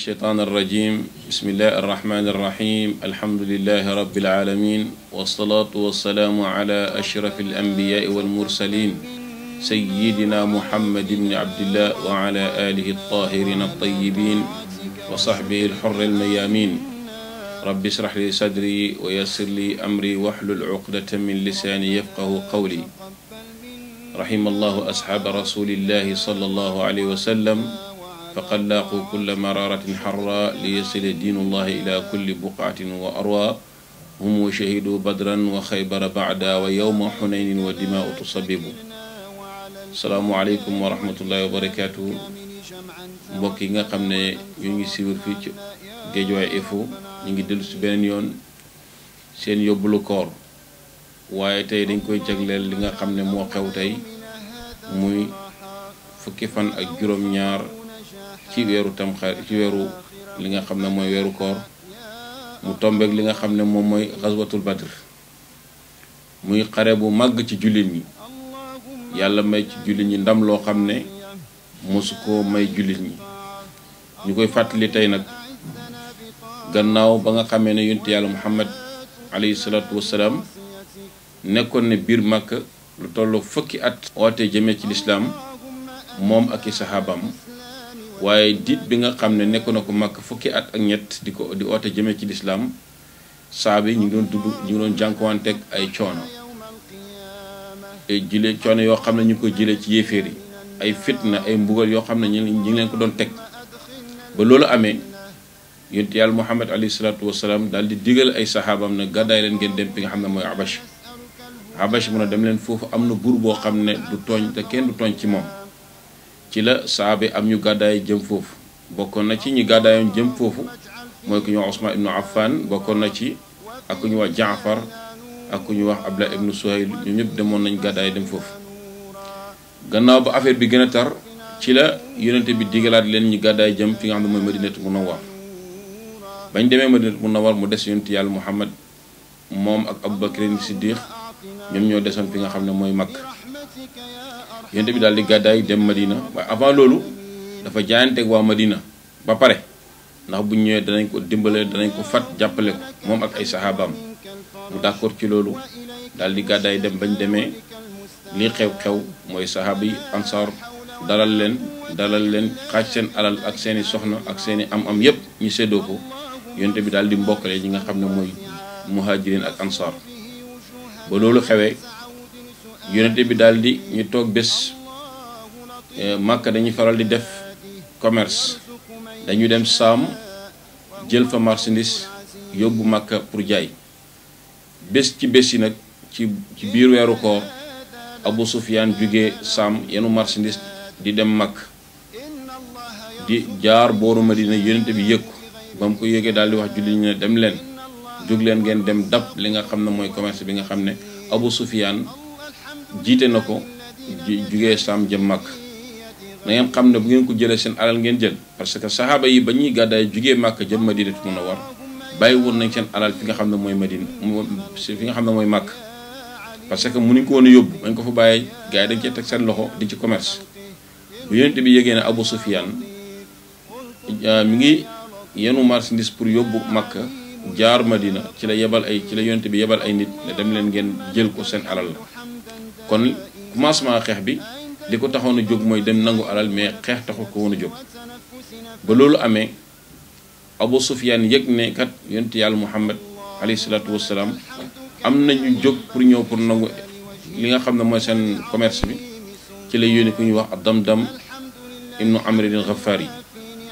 الشيطان الرجيم بسم الله الرحمن الرحيم الحمد لله رب العالمين والصلاة والسلام على أشرف الأنبياء والمرسلين سيدنا محمد بن عبد الله وعلى آله الطاهرين الطيبين وصحبه الحر الميامين رب اشرح لي صدري ويسر لي أمري واحلل عقدة من لساني يفقه قولي رحم الله أصحاب رسول الله صلى الله عليه وسلم فقد لاقوا كل مرارة حراء ليصل دين الله إلى كل بقعة وأروى هم وشهدوا بدرا وخيبر بعدا ويوم حنين والدماء تصبب السلام عليكم ورحمة الله وبركاته mbokk yi nga xam ne ñu ngi siiwal fii ci Guédiawaye Infos ñu ngi dellu si beneen yoon seen yóbbulu koor waaye tey dañ koy jagleel li nga xam ne moo xew tey muy fukki fan ak juróom-ñaar ci weeru tamxarit ci weeru li nga xam ne mooy weeru koor mu tombeek li nga xam ne moom mooy xaswatul badr muy xare bu màgg ci jullit ñi yàlla may ci jullit ñi ndam loo xam ne mosu ko may jullit ñi ñu koy fàttali tey nag gannaaw ba nga xamee ne yonent yàlla muhammad alayhi salaatu wassalaam nekkoon ne biir màkk lu tolloo fukki at oote jëmee ci lislaam moom ak i saxaabam waaye diit bi nga xam ne nekk na ko màkk fukki at ak ñett di ko di oote jëmee ci lislaam saa bi ñu doon dugg ñu ngi doon jànkuwanteeg ay coono jile coono yoo xam ne ñu ko jile ci yéeféer yi ay fitna ay mbugal yoo xam ne ñu ngi leen ko doon teg ba loolu amee yonent yàlla muhammad alayhi salaatu wasalaam daal di digal ay saxaabam ne gàddaay leen ngeen dem fi nga xam ne mooy abash abash mun a dem leen foofu am na buur boo xam ne du tooñ te kenn du tooñ ci moom ci la sahaaba am ñu gàddaay jëm foofu bokkoon na ci ñi gàddaayoon jëm foofu mooy ku ñu wax Usman ibnu Affan bokkoon na ci ak ku ñu wax Jaafar ak ku ñu wax Abdullah ibnu Suhayl ñu ñëpp demoon nañ gàddaay dem foofu gannaaw ba affaire bi gën a tar ci la yonente bi digalaat leen ñu gàddaay jëm fi nga xam ne mooy madinatu munawar bañ demee madinatu munawar mu des yonente yàlla muhammad moom ak abubakar siddiq ñoom ñoo desoon fi nga xam ne mooy makk yonent bi daal di gàddaay dem Madina waaye avant loolu dafa jaayanteeg waa Madina ba pare ndax bu ñëwee danañ ko dimbale danañ ko fat jàppale ko moom ak ay saxaabaam mu d'accord ci loolu daal di gàddaay dem bañ demee li xew-xew mooy saxaaba yi ansaar dalal leen dalal leen xaaj seen alal ak seeni soxna ak seeni am-am yépp ñu seddoo ko yonent bi daal di mbokkale ñi nga xam ne mooy muhajirin ak ansaar ba loolu xewee. yonente bi daal di ñu toog bés e, Màkka dañuy faral di def commerce dañu dem saam jël fa marchandise yóbbu Màkka pour jaay bés ci bés yi nag ci ci biir weeru koor Abu Sufyaan jóge saam yenu marchandise di dem Màkka di jaar booru Madina yonente bi yëg ba mu ko yëgee daal di wax julli ñu ne dem leen jóg leen ngeen dem dab li nga xam ne mooy commerce bi nga xam ne Abu Sufyaan jiite na ko jugee saam jëm màkk na ngeen xam ne bu ngeen ko jëlee seen alal ngeen jël parce que saxaaba yi ba ñuy gàddaay jugee màkk jëm madina mun a war bàyyi woon nañ seen alal fi nga xam ne mooy madina fi nga xam ne mooy màkk parce que mu mënuñ ko woon a yóbbu bañ ko fa bàyyi gars yi dañ cee teg seen loxo di ci commerce bu yonent bi yégee ne Abu Sufyan mi ngi yenu marchandise pour yóbbu Makka jaar Madina ci la yebal ay ci la yonent bi yebal ay nit dem leen ngeen jël ko seen alal kon commencement xeex bi li ko taxoon a jóg mooy dem nangu alal mais xeex taxu ko woon a jóg ba loolu amee Abu Sufyaan yëg ne kat yonent yàlla Muhammad alayhi salaatu wassalaam am na ñu jóg pour ñëw pour nangu li nga xam ne mooy seen commerce bi ci la yónni ku ñuy wax ab dam Damdam ibnu Amr al-Ghaffari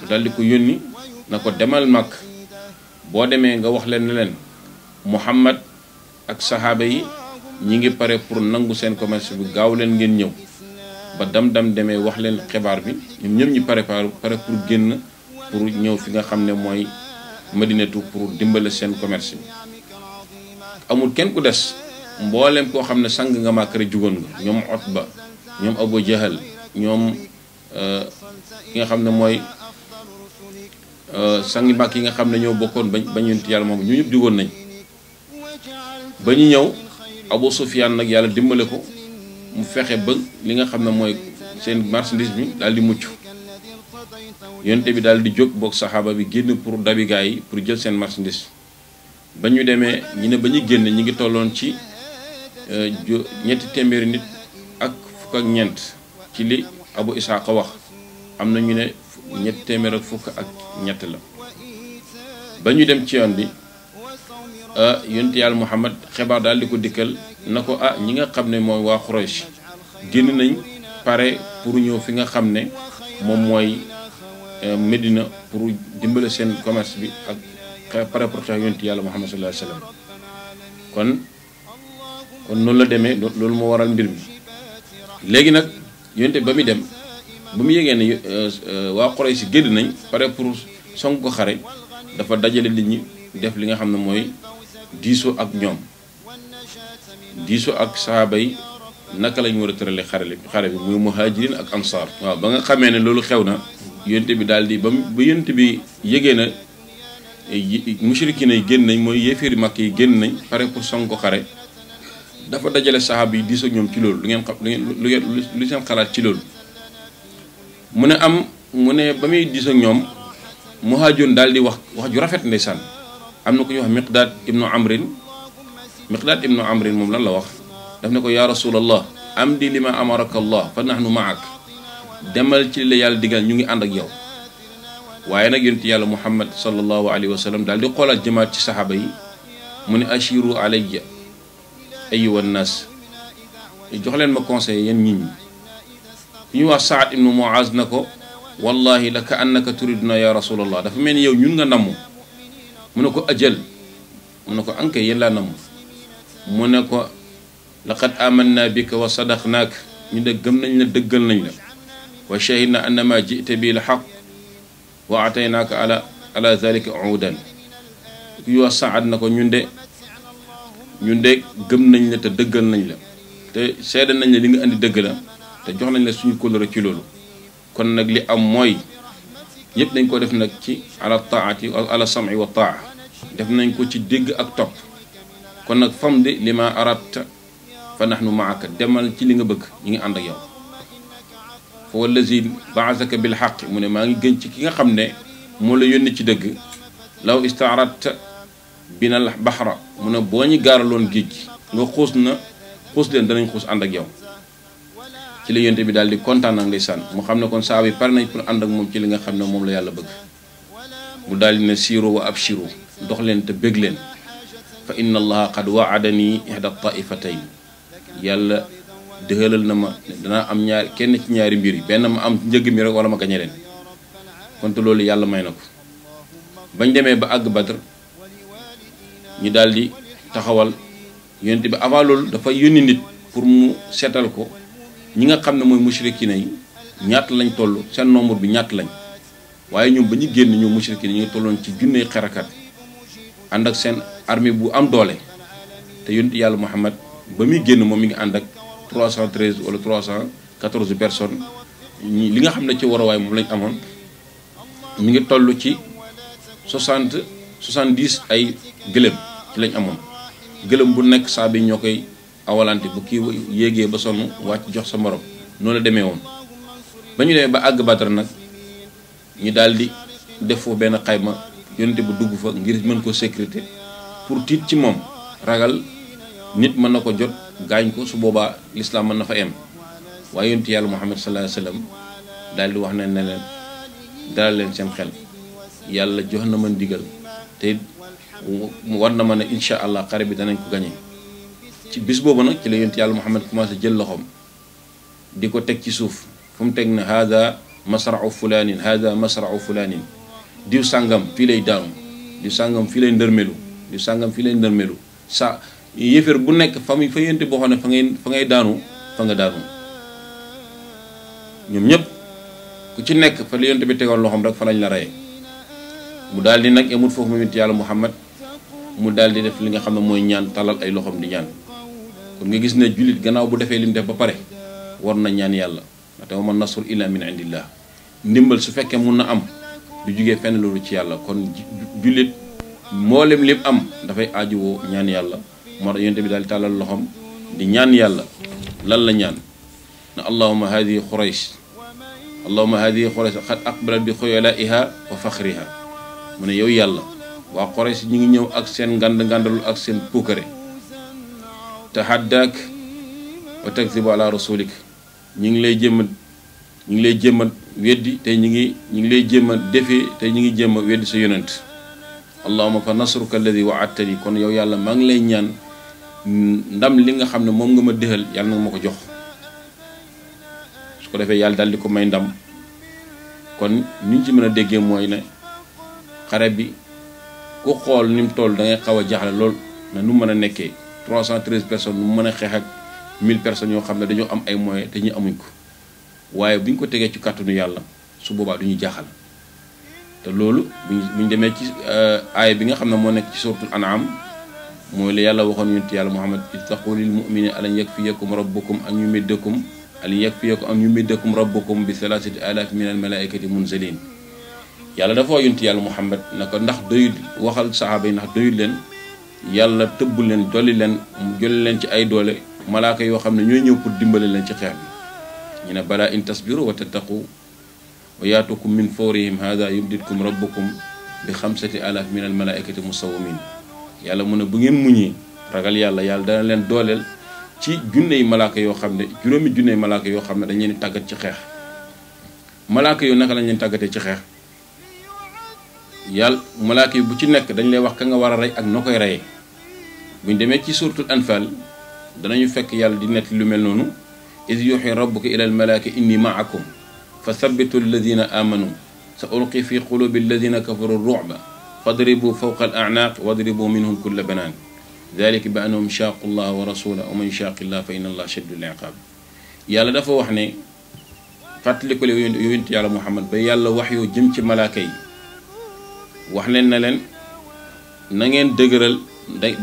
yi daal di ko yónni na ko demal mag boo demee nga wax leen ne leen Muhammad ak saxaaba yi ñi ngi pare pour nangu seen commerce bi gaaw leen ngeen ñëw ba dam-dam demee wax leen xibaar bi ñoom ñëpp ñu pare pare pour génn pour ñëw fi nga xam ne mooy madinatu pour dimbale seen commerce amul kenn des mbooleem koo xam ne sang nga maakare jugoon nga ñoom Utba ñoom Abu Jahal ñoom euh, ki nga xam ne mooy euh, sangi màkk yi nga xam ne ñoo bokkoon ba bañu yonent yàlla moom ñu ñëpp jugoon nañ ba ñu ñëw Abu Sufyaan nag yàlla dimbale ko mu fexe ba li nga xam ne mooy seen marchandise bi daal di mucc yonte bi daal di jóg boog saxaaba bi génn pour dabi yi pour jël seen marchandise ba ñu demee ñu ne ba ñu génn ñu ngi tolloon ci euh, ñetti téeméeri nit ak fukk ak ñeent ci li Abu Isaaqa wax am na ñu ne ñetti téeméer ak fukk ak ñett la ba ñu dem ci yoon bi Euh, yonent yàlla Muhammad xibaar daal di ko nako na ko ah ñi nga xam ne mooy waa Quraysh nañ pare pour ñëw fi nga xam ne Medina euh, pour dimbale seen commerce bi ak pare pour tax Muhammad sallallahu Alaihi Wasallam, kon kon noonu la demee loolu moo waral mbir mi léegi nag yonte ba dem ba mu yégee ne euh, waa Quraysh nañ pare pour song ko xare dafa dajale nit ñi def li nga diisoo ak ñoom diisoo ak saaba yi naka lañu war a tërale xarale xare bi muy muhajirin ak ansaar waaw ba nga xamee ne loolu xew na yonte bi daal di ba ba yonte bi yëgee na mushrikin yi génn nañ mooy yéeféeri màkk yi génn nañ pare pour song ko xare dafa dajale saxaaba yi diisoo ñoom ci loolu lu ngeen xam lu ngeen lu seen xalaat ci loolu mu ne am mu ne ba muy diisoo ñoom muhaajiroon daal di wax wax ju rafet ndeysaan am na ko ñuy wax miqdaad ibnu amrin miqdaad ibnu amrin moom lan la wax daf ne ko yaa rasulallah am di li ma amaraka allah fa nahnu maak demal ci la yàlla digal ñu ngi ànd ak yow waaye nag yonent yàlla muhammad sallallahu alayhi wa sallam daal di xoolaat jamaat ci saxaaba yi mu ne ashiru alayya ayuha nnaas jox leen ma conseil yeen nit ñi fi ñu wax saad ibnu muaz na ko wallahi la ka annaka turiduna ya rasulallah dafa mel ni yow ñun nga namm منكو أجل منكو أنك يلا نموت منكو لقد آمنا بك وصدقناك ندقمنا ندقلنا وشهدنا أن ما جئت به الحق وأعطيناك على على ذلك عودا يو سعدنا كو نيون دي نيون دي گم نانيو تا دگال نانيو لا تي سيد نانيو ليغا اندي دگ لا تا جوخ نانيو لا على الطاعه على السمع والطاعه def nañ ko ci dégg ak topp kon nag fam di li ma aratta fa maaka demal ci li nga bëgg ñu ngi ànd ak yow fa wallazi bi bil xaq mu ne maa ngi gën ci ki nga xam ne moo la yónni ci dëgg law istaarat binal baxra mu ne boo ñu gaaraloon géej gi nga xuus na xuus leen danañ xuus ànd ak yow ci la yonte bi daal di kontaan na ngay sànn mu xam ne kon saa bi pare nañ pour ànd ak moom ci li nga xam ne moom la yàlla bëgg mu daldi di ne siiroo wa abshiru dox leen te bég leen fa inna allaha qad waadanii ihda taifatayn yàlla dëxalal na ma danaa am ñaari kenn ci ñaari mbir yi benn ma am njëg mi rek wala ma gañe leen kon loolu yàlla may na ko bañ demee ba àgg Badr ñu daal di taxawal yonent bi avant loolu dafa yónni nit pour mu seetal ko ñi nga xam ne mooy mushrikina yi ñaata lañ toll seen nombre bi ñaata lañ waaye ñoom ba ñu génn ñoom mushrikina ñu ngi tolloon ci junne xerakat ànd ak seen armée bu am doole te yonent yàlla Muhammad ba muy génn moom mi ngi ànd ak 313 wala 314 personnes personne li nga xam ne ci warawaay moom lañ amoon mi ngi tollu ci 60 70 ay gëlëm ci lañ amoon gëlëm bu nekk saa bi ñoo koy awalante bu kii yéegee ba sonn wàcc jox sa morom noonu la demee woon ba ñu demee ba àgg Badar nag ñu daal di def foofu benn xayma yonente bu dugg fa ngir mën ko sécurité pour tiit ci moom ragal nit mën na ko jot gaañ ko su boobaa lislaam mën na fa em waaye yonente yàlla muhammad sallallahu alayhi wa daal di wax ne ne leen dalal leen seen xel yàlla jox na ma ndigal te war na ma ne incha allah xare bi danañ ko gañe ci bis boobu nag ci la yonent yàlla muhammad commencé jël loxoom di ko teg ci suuf fu mu teg ne hada masrau fulanin hada masrau fulanin diw sangam fii lay daanu diw sangam fii lay sangam lay sa yëfër bu nekk fa muy fa yënte boo xam ne fa ngay fa ngay daanu fa nga daanu ñoom ñëpp ku ci nekk fa bi rek fa lañ la mu emut foofu mumit muhammad mu daal di def li nga ñaan talal ay loxoom di ñaan kon nga gis ne jullit gannaaw bu defee lim def ba pare war na ñaan man min indillah ndimbal su fekkee mun na am du jugee fenn lolu ci yàlla kon julit mboolem lépp am da fay dafay wo ñaan yàlla mo do yent bi dal talal loxom di ñaan yàlla lan la ñaan na allahumma hadi quraish allahumma hadi quraish xat aqbalat bi khuyalaiha wa fakhriha mune yow yàlla wa quraish ñi ngi ñëw ak seen gand gandul ak seen poukere tahaddak wa takzibu ala rasulik ñi ngi lay jëm ñu ngi lay jéem a weddi te ñu ngi ñu ngi lay jéem a defee te ñu ngi jéem a weddi sa yonent allahuma fa nasruka alladi waadtani kon yow yàlla maa ngi lay ñaan ndam li nga xam ne moom nga ma dëxal yàlla ma ko jox su ko defee yàlla daal di ko may ndam kon niñ ci mën a déggee mooy na xare bi ku xool ni mu toll da ngay xaw a jaaxle lool na nu mën a nekkee 313 personnes nu mën a xeex ak 1000 personnes yoo xam ne dañoo am ay moyens te ñu amuñ ko waye buñ ko tege ci katunu yàlla su boba duñu jaxal te lolu buñ demé ci ay bi nga xamne mo nek ci suratul an'am moy li yàlla waxon yonent yàlla muhammad ittaqul lil mu'minina alla yakfiyakum rabbukum an yumiddakum alla yakfiyakum an yumiddakum rabbukum bi thalathati alaf min al malaikati munzalin yàlla dafa wax yàlla muhammad nako ndax doyul waxal sahaba ndax doyul len yàlla tëbb len dolli len jol len ci ay dole malaaka yo xamne ñoy ñëw pour dimbale len ci xéer bi ينا بلا إن تصبروا وتتقوا وياتكم من فورهم هذا يمددكم ربكم بخمسة آلاف من الملائكة المصومين يالا من بغين موني رغال يالا يالا دانا لين دولل تي جوني ملاك يو خامن جرومي جوني ملاك يو خامن دا نين تاغات تي خيخ ملاك يو نكا لا نين تاغات تي خيخ يال ملاك يو بوتي نيك دا نلي واخ كاغا وارا راي اك نوكاي راي بو ديمي تي سورة الانفال دا نيو فك يالا دي نيت لو مل نونو إذ يوحي ربك إلى الملائكة إني معكم فثبتوا الذين آمنوا سألقي في قلوب الذين كفروا الرعب فاضربوا فوق الأعناق واضربوا منهم كل بنان ذلك بأنهم شاقوا الله ورسوله ومن شاق الله فإن الله شد العقاب يالا دافا وخني فاتلكو لي يونت يالا محمد با يالا وحيو جيم سي ملائكه وخنن نالن نانين دغرل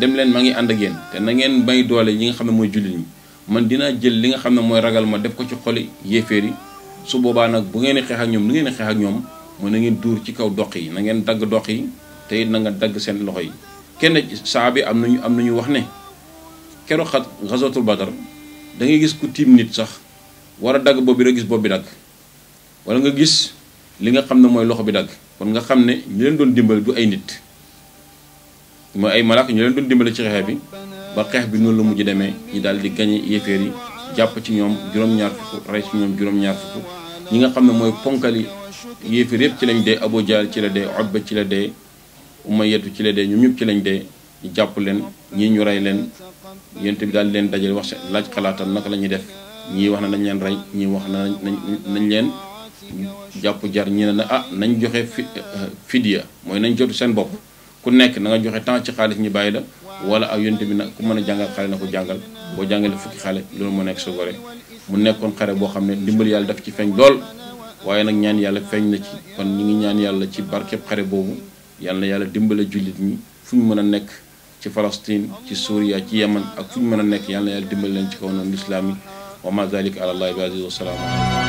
دم لين ماغي اندك يين تي نانين باي دولي ييغا خا موي جولي man dinaa jël li nga xam ne mooy ragal ma def ko ci xoli yéeféer yi su boobaa nag bu ngeen di xeex ak ñoom lu ngeen di xeex ak ñoom mooy na ngeen dóor ci kaw dox yi na ngeen dagg dox yi te nanga dagg seen loxo yi kenn saa bi am nañu am nañu wax ne keroog xat xasatul badar da gis ku tiim nit sax war a dagg bopp bi rek gis bopp bi dagg wala nga gis li nga xam ne mooy loxo bi dagg kon nga xam ne ñu leen doon dimbale du ay nit mooy ay malaak ñu leen doon dimbale ci xeex bi ba xeex bi noonu la mujj demee ñi daal di gañe yéeféer yi jàpp ci ñoom juróom-ñaar fukk ñoom juróom ñi nga xam ne mooy ponkali yéeféer yëpp ci lañ dee Abu Jahl ci la dee Utba ci la dee Umayyatu ci la dee ñoom ñëpp ci lañ dee ñu jàpp leen ñii ñu rey leen yéen bi daal di leen dajale wax laaj xalaatam naka la ñuy def ñii wax na nañ leen rey ñii wax na nañ leen jàpp jar ñi ne na ah nañ joxe fi euh, fidiya mooy nañ jotu seen bopp ku nekk na nga joxe temps ci xaalis ñi bàyyi la wala ak yonte bi nag ku mën a jàngal xale na ko jàngal boo jàngalee fukki xale loolu moo nekk sa gore mu nekkoon xare boo xam ne ndimbal yàlla daf ci feeñ lool waaye nag ñaan yàlla feeñ na ci kon ñu ngi ñaan yàlla ci barkeb xare boobu yàlla yàlla dimbale jullit ñi fu ñu mën a nekk ci Palestine ci Suuriya ci Yemen ak fu ñu mën a nekk yàlla yàlla dimbale leen ci kaw noonu lislaam yi wa ma zalika ala llahi bi aziz wa